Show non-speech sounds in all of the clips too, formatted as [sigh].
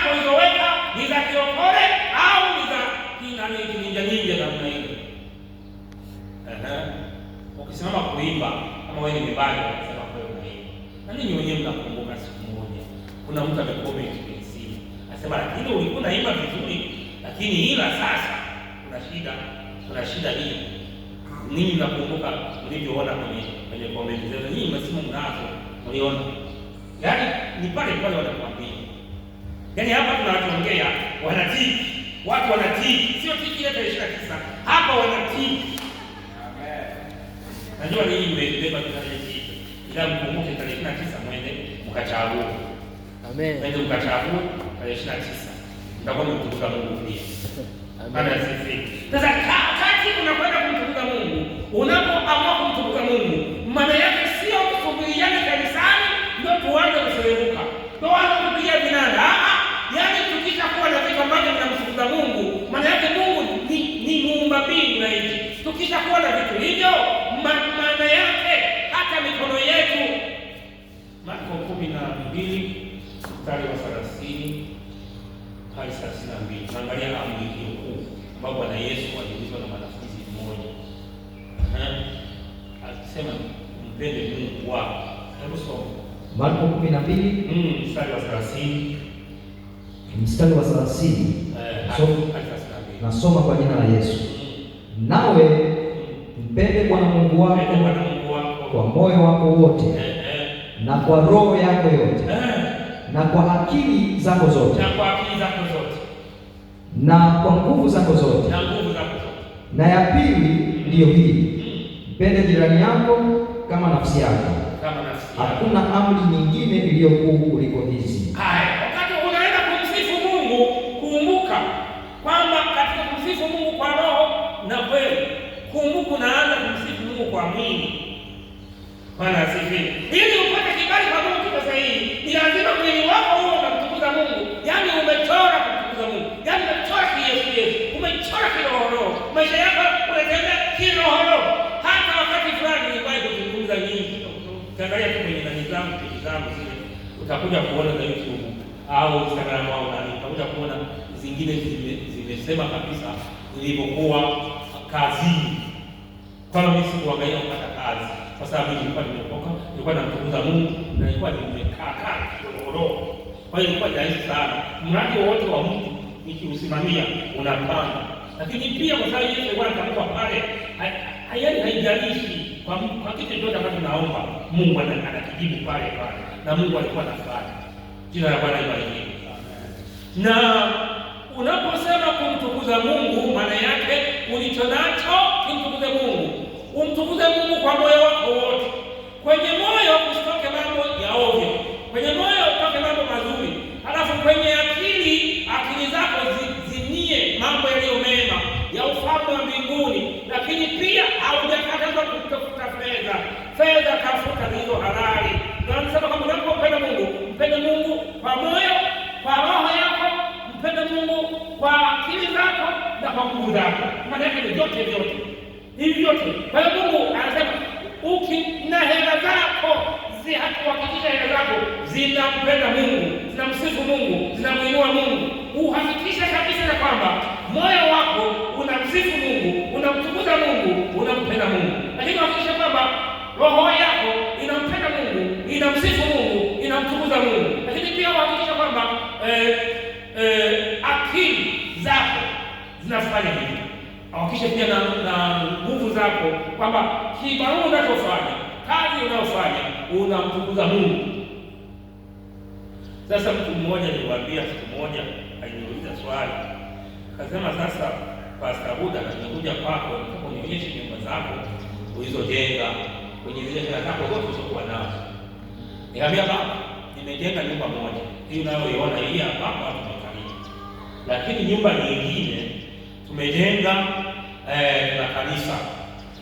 zako ulizoweka ni za kiokole au ni za kinanyinja nyinja namna hiyo. Ukisimama kuimba kama wewe ni mbali, unasema kwa hiyo unaimba, na ninyi wenyewe mnakumbuka siku moja kuna mtu amekomenti kwenye simu lakini ulikuwa unaimba vizuri, lakini ila sasa kuna shida, kuna shida hii. Ninyi mnakumbuka mlivyoona kwenye kwenye komenti zenu, nyinyi masimu mnazo mliona, yaani ni pale pale wanakuambia Yaani hapa tunawakiongea wanatii, watu wanatii, sio tiki ile ishirini na tisa hapa wanatii. Najua ile mmeibeba tarehe, ila mkumbuke tarehe ishirini na tisa mwende mkachagua. Amen, mwende mkachagua tarehe ishirini na tisa mtakuwa mkumbuka Mungu pia. Amen. Sasa kati unakwenda kumtukuza Mungu, unapoamua kumtukuza Mungu maana hiki. Tukishakuwa na vitu hivyo, maana yake hata mikono yetu, Marko kumi na mbili mstari wa thelathini hadi thelathini na mbili Naangalia amri hiyo kuu ambayo Bwana Yesu aliulizwa na mwanafunzi mmoja, akisema mpende Mungu wako. Hebu soma Marko kumi na mbili mm, mstari wa thelathini mstari wa thelathini eh, nasoma kwa jina la Yesu nawe mpende Bwana Mungu wako kwa moyo wako wote na kwa roho yako yote na kwa akili zako zote na kwa nguvu zako zote. Na ya pili ndiyo hii, mpende jirani yako kama nafsi yako. Hakuna amri nyingine iliyo kuu kuliko hizi. Bwana asifiwe. Ili upate kibali kwa Mungu kiko sahihi, ni lazima mwili wako huo unamtukuza Mungu. Yaani umechora kumtukuza Mungu. Yaani umechora kiyesu Yesu. Umechora kiroho Maisha yako unatembea kirohoro. Hata wakati fulani nilikuwahi kuzungumza nyingi. Ukiangalia tu kwenye nani zangu, picha zangu zile, utakuja kuona za YouTube au Instagram au nani, utakuja kuona zingine zimesema kabisa nilivyokuwa kazini. Kwa hiyo mimi sikuangalia kupata kazi kwa sababu nilikuwa nimeokoka, nilikuwa namtukuza Mungu na nilikuwa nimekaa kaa kidogo. Kwa hiyo ilikuwa rahisi sana, mradi wote wa mtu nikiusimamia unapanga. Lakini pia kwa sababu Yesu alikuwa anatamka pale, yaani haijalishi kwa kwa kitu chochote ambacho naomba Mungu anakijibu pale pale, na Mungu alikuwa anafanya. Jina la Bwana libarikiwe. Na unaposema kumtukuza Mungu, maana yake ulicho nacho kimtukuze Mungu, umtukuze Mungu kwa moyo wako ya ufalme wa mbinguni, lakini pia haujakatazwa kutafuta fedha. Fedha tafuta zilizo halali. Ndio anasema kwamba unapompenda Mungu, mpende Mungu kwa moyo, kwa roho yako, mpende Mungu kwa akili zako na kwa nguvu zako, maana yake ni vyote vyote hivi vyote. Kwa hiyo Mungu anasema na hela zako zihakihakikisha hela zako zinampenda Mungu, zinamsifu Mungu, zinamuinua Mungu, uhakikishe kabisa ya kwamba moyo wako unamsifu Mungu, unamtukuza Mungu, unampenda Mungu, lakini hakikisha kwamba roho yako inampenda Mungu, inamsifu Mungu, inamtukuza Mungu, lakini pia hakikisha kwamba eh, eh, akili zako zinafanya hivi. Hakikisha pia na nguvu zako kwamba kibarua unachofanya, kazi unayofanya, unamtukuza Mungu. Sasa mtu mmoja niwaambia, siku moja aliniuliza swali Kasema sasa, Pastor Buda, nimekuja kwako, kuonyesha nyumba zako ulizojenga kwenye zile hela zako zote ulizokuwa nazo. Nikamwambia baba, nimejenga nyumba moja hii unayoiona hii hapa hapa tumekalia, lakini nyumba nyingine tumejenga eh, na kanisa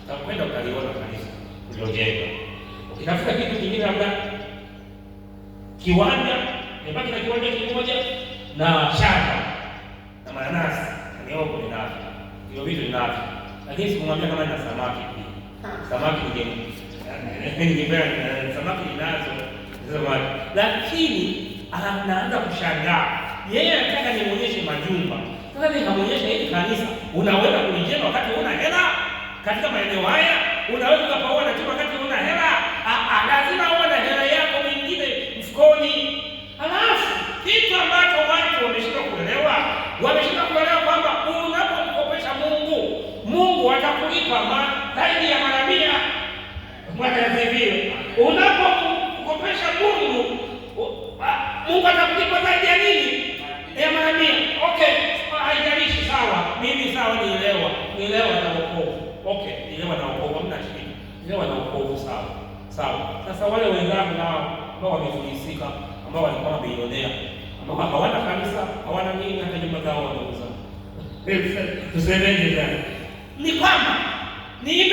utakwenda utaliona kanisa ulilojenga. Ukitafuta kitu kingine, labda kiwanja, nimebaki na kiwanja kimoja na shamba vitu ninavyo, lakini sikumwambia kama na samaki pia. Samaki ningependa [laughs] eh, samaki ninazo samaki, lakini anaanza ah, kushangaa yeye, anataka nimuonyeshe majumba. Sasa nikamwonyesha hili kanisa, unaweza kulijenga wakati una hela katika maeneo haya, unaweza ukapaua na chuma kwamba zaidi ya mara mia mwatazivio unapokopesha Mungu, Mungu atakulipa zaidi ya nini? Ya mara mia. Okay, haijalishi sawa, mimi sawa, nielewa, nielewa na wokovu. Okay, nielewa na wokovu, hamna shida, nielewa na wokovu, sawa sawa. Sasa wale wenzangu nao ambao wamefilisika, ambao walikuwa wameionea, ambao hawana kanisa, hawana nini, hata nyumba zao wanauza, tusemeje? Ni kwamba നീ